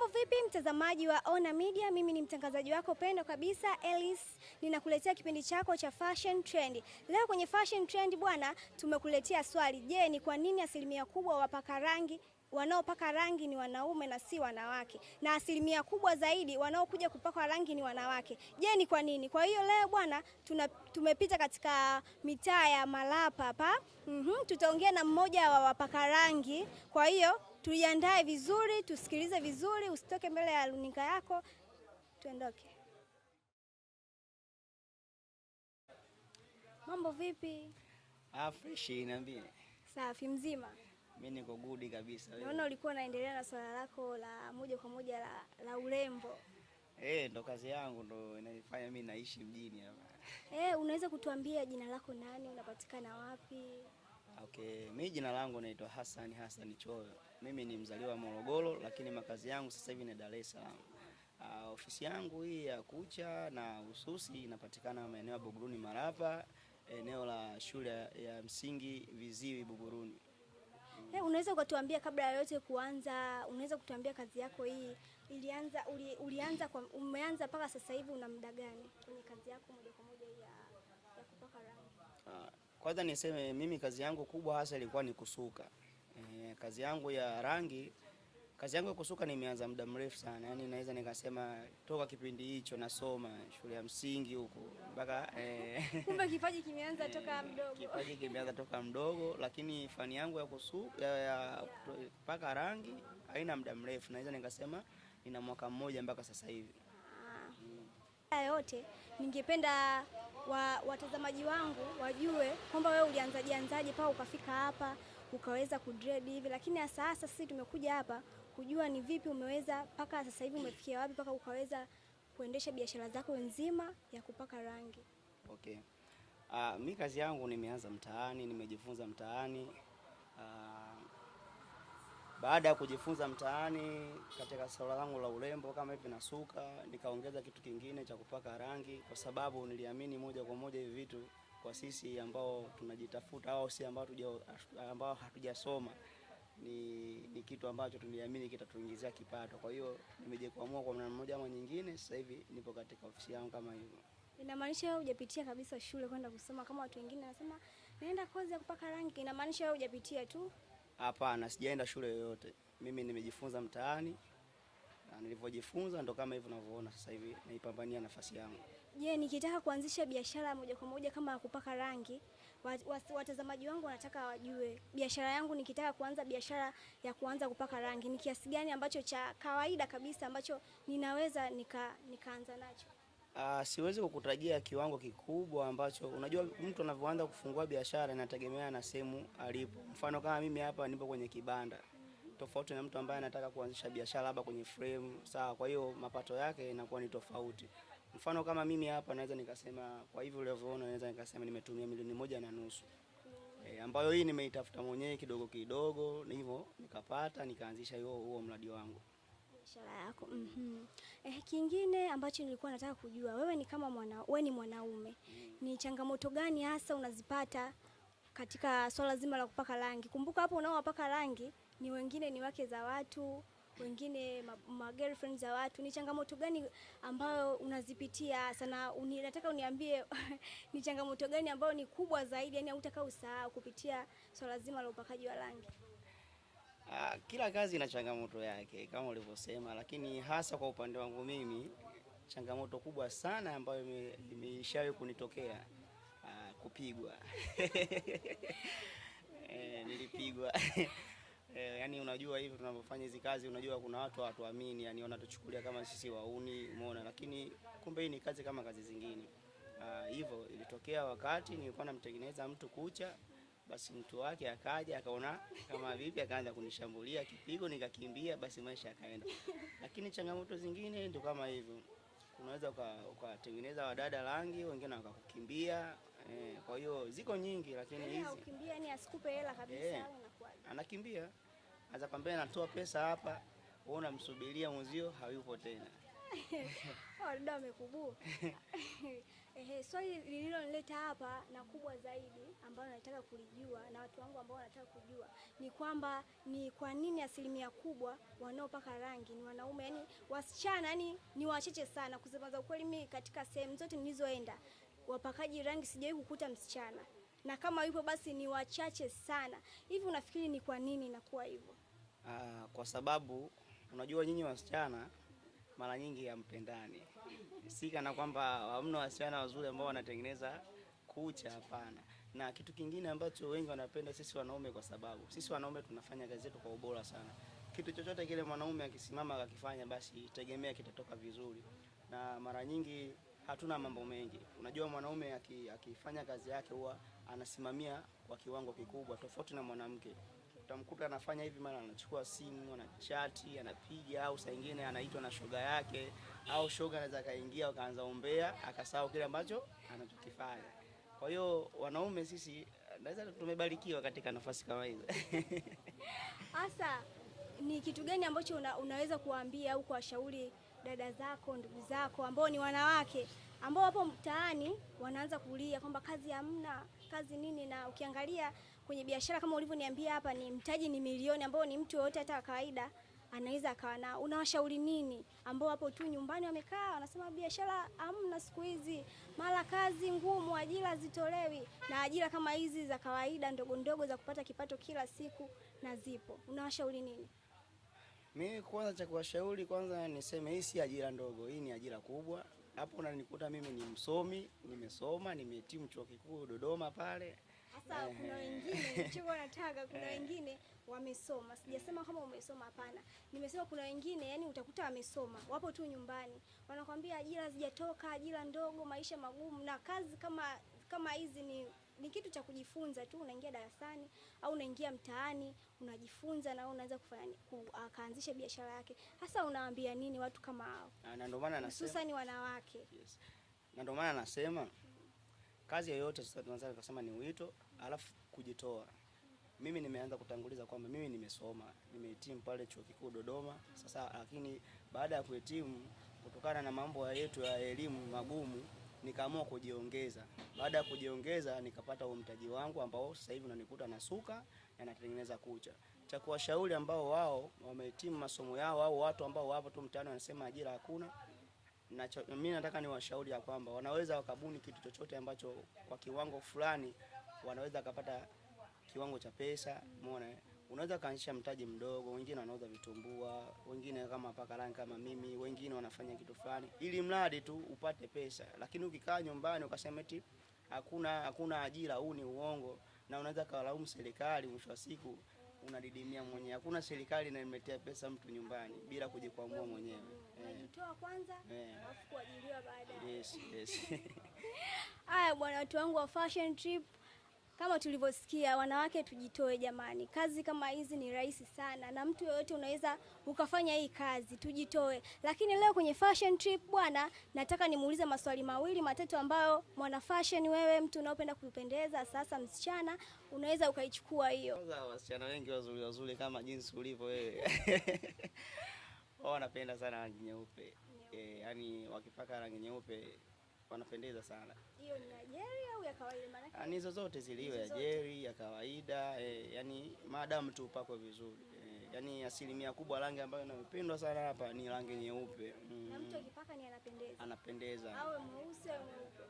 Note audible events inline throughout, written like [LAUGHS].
Mambo vipi mtazamaji wa Ona Media, mimi ni mtangazaji wako pendo kabisa Elis, ninakuletea kipindi chako cha fashion trend. Leo kwenye fashion trend bwana, tumekuletea swali. Je, ni kwa nini asilimia kubwa wapaka rangi wanaopaka rangi ni wanaume na si wanawake, na asilimia kubwa zaidi wanaokuja kupaka rangi ni wanawake. Je, ni kwa nini? Kwa hiyo leo bwana, tumepita katika mitaa ya Malapa hapa mm -hmm, tutaongea na mmoja wa wapaka rangi. Kwa hiyo tujiandae vizuri, tusikilize vizuri, usitoke mbele ya runinga yako, tuondoke. Mambo vipi? Ah, fresh inaambia. Safi mzima. Mimi niko good kabisa. Naona ulikuwa unaendelea na swala lako la moja kwa moja la, la urembo. Eh, ndo kazi yangu ndo inanifanya mimi naishi mjini hapa. Eh, unaweza kutuambia jina lako nani, unapatikana wapi? Okay, mimi jina langu naitwa Hassan Hassan Choyo. Mimi ni mzaliwa wa Morogoro, lakini makazi yangu sasa hivi ni Dar es Salaam. Uh, ofisi yangu hii ya kucha na ususi inapatikana maeneo ya Buguruni Marapa, eneo la shule ya msingi Viziwi Buguruni. Hey, eh, unaweza ukatuambia kabla ya yote kuanza, unaweza kutuambia kazi yako hii ilianza uli, ulianza kwa, umeanza mpaka sasa hivi una muda gani kwenye kazi yako moja kwa moja ya, ya kupaka rangi? Uh, kwanza niseme mimi kazi yangu kubwa hasa ilikuwa ni kusuka. E, kazi yangu ya rangi, kazi yangu ya kusuka nimeanza muda mrefu sana, yaani naweza nikasema toka kipindi hicho nasoma shule ya msingi huko mpaka e, [LAUGHS] kumbe kipaji kimeanza [LAUGHS] toka mdogo. Kipaji kimeanza toka mdogo, lakini fani yangu ya kusuka ya, ya paka rangi haina muda mrefu, naweza nikasema ina mwaka mmoja mpaka sasa hivi. Haya yote ningependa wa, watazamaji wangu wajue kwamba wewe ulianzaje anzaje mpaka ukafika hapa ukaweza ku hivi, lakini hasa hasa sisi tumekuja hapa kujua ni vipi umeweza mpaka sasa hivi umefikia wapi mpaka ukaweza kuendesha biashara zako nzima ya kupaka rangi. Okay. Uh, mi kazi yangu nimeanza mtaani, nimejifunza mtaani uh, baada ya kujifunza mtaani katika swala langu la urembo kama hivi nasuka, nikaongeza kitu kingine cha kupaka rangi, kwa sababu niliamini moja kwa moja hivi vitu kwa sisi ambao tunajitafuta au si ambao, ambao hatujasoma ni, ni kitu ambacho tuliamini kitatuingizia kipato. Kwa hiyo nimejikwamua kwa namna moja ama nyingine, sasa hivi nipo katika ofisi yangu kama hivyo. Inamaanisha wewe hujapitia kabisa shule kwenda kusoma kama watu wengine, wanasema naenda kozi ya kupaka rangi, inamaanisha wewe hujapitia tu Hapana, sijaenda shule yoyote. Mimi nimejifunza mtaani na nilivyojifunza ndo kama hivyo unavyoona sasa hivi naipambania nafasi yangu. Je, nikitaka kuanzisha biashara moja kwa moja kama ya kupaka rangi, watazamaji wangu wanataka wajue biashara yangu, nikitaka kuanza biashara ya kuanza kupaka rangi, ni kiasi gani ambacho cha kawaida kabisa ambacho ninaweza nika nikaanza nacho? Uh, siwezi kukutajia kiwango kikubwa ambacho unajua mtu anavyoanza kufungua biashara inategemea na sehemu alipo. Mfano kama mimi hapa nipo kwenye kibanda. Tofauti na mtu ambaye anataka kuanzisha biashara labda kwenye frame, sawa. Kwa hiyo mapato yake inakuwa ni tofauti. Mfano kama mimi hapa naweza nikasema kwa hivyo ulivyoona naweza nikasema nimetumia milioni moja na nusu. E, ambayo hii nimeitafuta mwenyewe kidogo kidogo, hivyo nikapata nikaanzisha hiyo huo mradi wangu biashara yako. mm -hmm. Eh, kingine ambacho nilikuwa nataka kujua wewe ni kama mwana, wewe ni mwanaume ni changamoto gani hasa unazipata katika swala zima la kupaka rangi? Kumbuka hapo unaowapaka rangi ni wengine ni wake za watu wengine magirlfriend ma za watu. Ni changamoto gani ambayo unazipitia sana? Uni, nataka uniambie [LAUGHS] ni changamoto gani ambayo ni kubwa zaidi, yani hautakaa usahau kupitia swala so zima la upakaji wa rangi. Ah, kila kazi ina changamoto yake kama ulivyosema, lakini hasa kwa upande wangu mimi, changamoto kubwa sana ambayo imeishawahi kunitokea aa, ah, kupigwa [LAUGHS] e, nilipigwa [LAUGHS] e, yani unajua hivi tunavyofanya hizi kazi, unajua kuna watu hawatuamini, yani wanatuchukulia kama sisi wauni, umeona, lakini kumbe hii ni kazi kama kazi zingine. Ah, hivyo ilitokea wakati nilikuwa namtengeneza mtu kucha basi mtu wake akaja akaona kama vipi, akaanza kunishambulia kipigo, nikakimbia, basi maisha yakaenda. Lakini changamoto zingine ndio kama hivyo, unaweza ukatengeneza wadada rangi, wengine wakakukimbia. Eh, kwa hiyo ziko nyingi, lakini yaani hizi ukimbia ni asikupe hela kabisa, eh, anakimbia aza kwambia natoa pesa hapa, wewe unamsubiria mzio, hayupo tena. Wadada [LAUGHS] oh, wamekubua [LAUGHS] Ehe, swali so lililonileta hapa na kubwa zaidi ambayo nataka kulijua na watu wangu ambao wanataka kujua ni kwamba ni kwa nini asilimia kubwa wanaopaka rangi ni wanaume? Yani wasichana yani ni wachache sana. Kusema za ukweli, mimi katika sehemu zote nilizoenda wapakaji rangi sijawahi kukuta msichana, na kama yupo basi ni wachache sana. Hivi unafikiri ni kwa nini inakuwa hivyo? Uh, kwa sababu unajua nyinyi wasichana mara nyingi hampendani sika na kwamba hamna wasichana wazuri ambao wanatengeneza kucha, hapana. Na kitu kingine ambacho wengi wanapenda sisi wanaume, kwa sababu sisi wanaume tunafanya kazi yetu kwa ubora sana. Kitu chochote kile mwanaume akisimama akakifanya, basi tegemea kitatoka vizuri, na mara nyingi hatuna mambo mengi. Unajua, mwanaume akifanya kazi yake huwa anasimamia kwa kiwango kikubwa, tofauti na mwanamke utamkuta anafanya hivi, mara anachukua simu, anachati, anapiga, au saa nyingine anaitwa na shoga yake, au shoga anaweza akaingia akaanza ombea, akasahau kile ambacho anachokifanya. Kwa hiyo wanaume sisi naweza tumebarikiwa katika nafasi kama hizo. Hasa [LAUGHS] ni kitu gani ambacho una, unaweza kuwaambia au kuwashauri dada zako, ndugu zako ambao ni wanawake ambao wapo mtaani wanaanza kulia kwamba kazi hamna kazi nini, na ukiangalia kwenye biashara kama ulivyoniambia hapa, ni mtaji ni milioni ambao ni mtu yoyote hata kawaida anaweza akawa na. Unawashauri nini ambao hapo tu nyumbani wamekaa wanasema biashara hamna siku hizi, mara kazi ngumu, ajira zitolewi, na ajira kama hizi za kawaida ndogo ndogo za kupata kipato kila siku na zipo, unawashauri nini? Mimi kwanza cha kuwashauri kwanza niseme hii si ajira ndogo, hii ni ajira kubwa hapo unanikuta mimi ni msomi, nimesoma, nimehitimu chuo kikuu Dodoma pale. Sasa kuna wengine chuo nataka, kuna eh. wengine wamesoma, sijasema kama umesoma, hapana. Nimesema kuna wengine, yani utakuta wamesoma, wapo tu nyumbani, wanakwambia ajira zijatoka, ajira ndogo, maisha magumu, na kazi kama kama hizi ni ni kitu cha kujifunza tu, unaingia darasani au unaingia mtaani unajifunza, na unaweza kufanya akaanzisha ah, biashara yake. Hasa unawaambia nini watu kama hao, ah, na ndio maana nasema hususan wanawake yes. na ndio maana nasema kazi yoyote sasa tunaanza kusema ni wito, alafu kujitoa mimi nimeanza kutanguliza kwamba mimi nimesoma, nimehitimu pale chuo kikuu Dodoma. Sasa lakini baada ya kuhitimu, kutokana na mambo yetu ya elimu magumu nikaamua kujiongeza. Baada ya kujiongeza, nikapata huo mtaji wangu ambao sasa hivi unanikuta na suka na natengeneza kucha. Cha kuwashauri ambao wao wamehitimu masomo yao au watu ambao wapo tu mtaani wanasema ajira hakuna, mimi nataka niwashauri ya kwamba wanaweza wakabuni kitu chochote ambacho kwa kiwango fulani wanaweza wakapata kiwango cha pesa, umeona unaweza kaanzisha mtaji mdogo, wengine wanauza vitumbua, wengine kama pakarangi kama mimi, wengine wanafanya kitu fulani, ili mradi tu upate pesa. Lakini ukikaa nyumbani ukasema eti hakuna hakuna ajira, huu ni uongo, na unaweza kawalaumu serikali. Mwisho wa siku unadidimia mwenyewe. Hakuna serikali inayemletea pesa mtu nyumbani bila kujikwamua mwenyewe. Eh. Unajitoa kwanza eh. alafu kuajiriwa baadaye. Yes, yes. [LAUGHS] Haya bwana, watu wangu wa fashion trip kama tulivyosikia, wanawake tujitoe jamani. Kazi kama hizi ni rahisi sana, na mtu yoyote unaweza ukafanya hii kazi, tujitoe. Lakini leo kwenye fashion trip bwana, nataka nimuulize maswali mawili matatu ambayo mwana fashion, wewe mtu unaopenda kupendeza, sasa msichana, unaweza ukaichukua hiyo. Wasichana wengi wazuri wazuri kama jinsi ulivyo wewe [LAUGHS] wanapenda sana rangi nyeupe, e, wakipaka rangi nyeupe wanapendeza sana. Hiyo ni ya jeli au ya kawaida? Maana ah, ni zozote ziliwe, ya jeli, ya kawaida eh, yani maadamu tu upakwe vizuri eh, yani asilimia kubwa rangi ambayo inayopendwa sana hapa ni rangi nyeupe mm. Na mtu mm. akipaka ni anapendeza, anapendeza awe mweusi au mweupe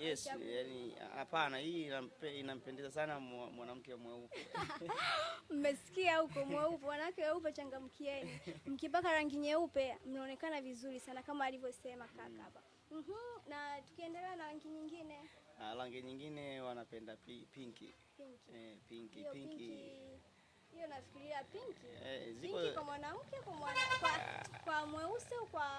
Yes, yani hapana, hii inampendeza sana mwanamke mweupe. [LAUGHS] Mmesikia huko mweupe, wanawake weupe changamkieni. [LAUGHS] Mkipaka rangi nyeupe mnaonekana vizuri sana kama alivyosema kaka mm. hapa. Mm -hmm. Na tukiendelea na rangi nyingine, ah, rangi nyingine wanapenda pi, pinki pinki, eh, pinki hiyo pinki hiyo nafikiria pinki eh, ziko... kwa mwanamke kwa mwana, kwa, kwa mweusi kwa,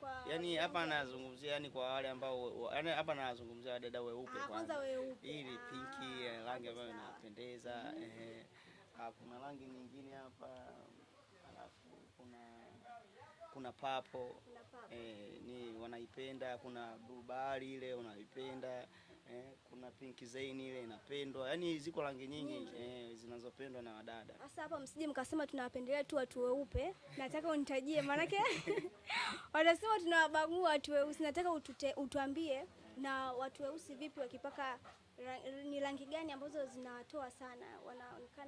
kwa yani hapa nazungumzia yani kwa wale ambao yani hapa nazungumzia wadada weupe ah, kwa kwanza weupe ili ah, pinki eh, rangi ambayo inapendeza mm -hmm. eh, kuna rangi nyingine hapa alafu kuna kuna papo, kuna papo. Eh, ni wana inapenda, kuna blue bahari ile unaipenda eh, kuna pink zain ile inapendwa, yani ziko rangi nyingi eh, zinazopendwa na wadada. Sasa hapa msije mkasema tunawapendelea tu watu weupe, nataka unitajie, maanake [LAUGHS] wanasema tunawabagua watu weusi. Nataka utute, utuambie na watu weusi vipi wakipaka ni rangi gani ambazo zinawatoa sana wanaonekana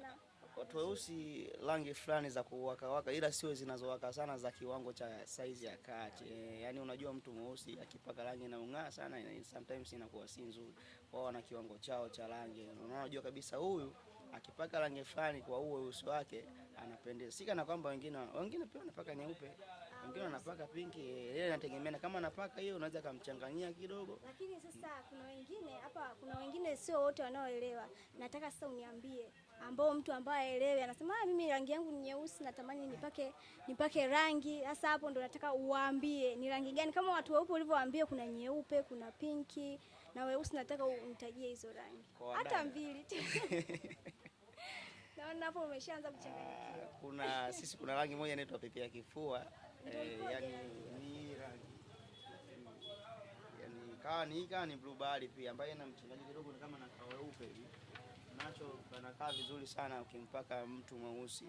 watu weusi rangi fulani za kuwakawaka, ila sio zinazowaka sana, za kiwango cha saizi ya kati. E, ah, yani unajua mtu mweusi akipaka rangi inaung'aa sana ina, sometimes inakuwa si nzuri. Wao wana kiwango chao cha rangi, unajua kabisa huyu akipaka rangi fulani kwa huo weusi wake anapendeza, sikana kwamba wengine wengine pia wanapaka nyeupe Mwingine anapaka pinki, yeye anategemeana. Kama anapaka hiyo, unaweza kumchanganyia kidogo. Lakini sasa kuna wengine hapa, kuna wengine sio wote wanaoelewa. Nataka sasa uniambie ambao mtu ambaye aelewe anasema ah, mimi rangi yangu ni nyeusi, natamani nipake nipake rangi. Sasa hapo ndo nataka uwaambie ni rangi gani, kama watu weupe ulivyowaambia, kuna nyeupe, kuna pinki na weusi. Nataka unitajie hizo rangi, hata mbili tu. [LAUGHS] Naona hapo umeshaanza kuchanganyikiwa. Kuna sisi, kuna rangi moja inaitwa pepe ya kifua Eh, yani ni rangi yani kawa ni hii ni blue bahari pia ambayo ina mchanganyiko kidogo ni kama na kaweupe hivi, nacho kanakaa vizuri sana ukimpaka mtu mweusi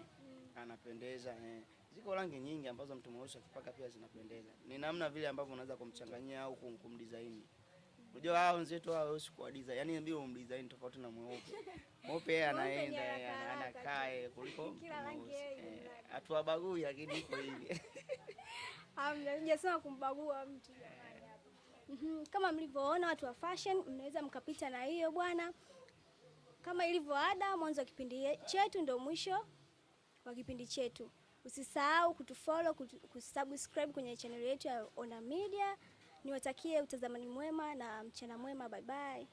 anapendeza eh. Ziko rangi nyingi ambazo mtu mweusi akipaka pia zinapendeza, ni namna vile ambavyo unaweza kumchanganyia au kumdesign. Unajua hao wenzetu hao weusi kwa design. Yaani ndio um design tofauti na mweupe. Mweupe anaenda anakae kuliko kila rangi yeye. Eh, hatuwabagui lakini iko hivi. [LAUGHS] Hamna, sijasema kumbagua mtu jamani hapa. Mhm, kama mlivyoona watu wa fashion mnaweza mkapita na hiyo bwana. Kama ilivyo ada, mwanzo wa kipindi chetu ndio mwisho wa kipindi chetu. Usisahau kutufollow, kutu, kusubscribe kwenye channel yetu ya Ona Media. Niwatakie utazamani mwema na mchana mwema, bye bye.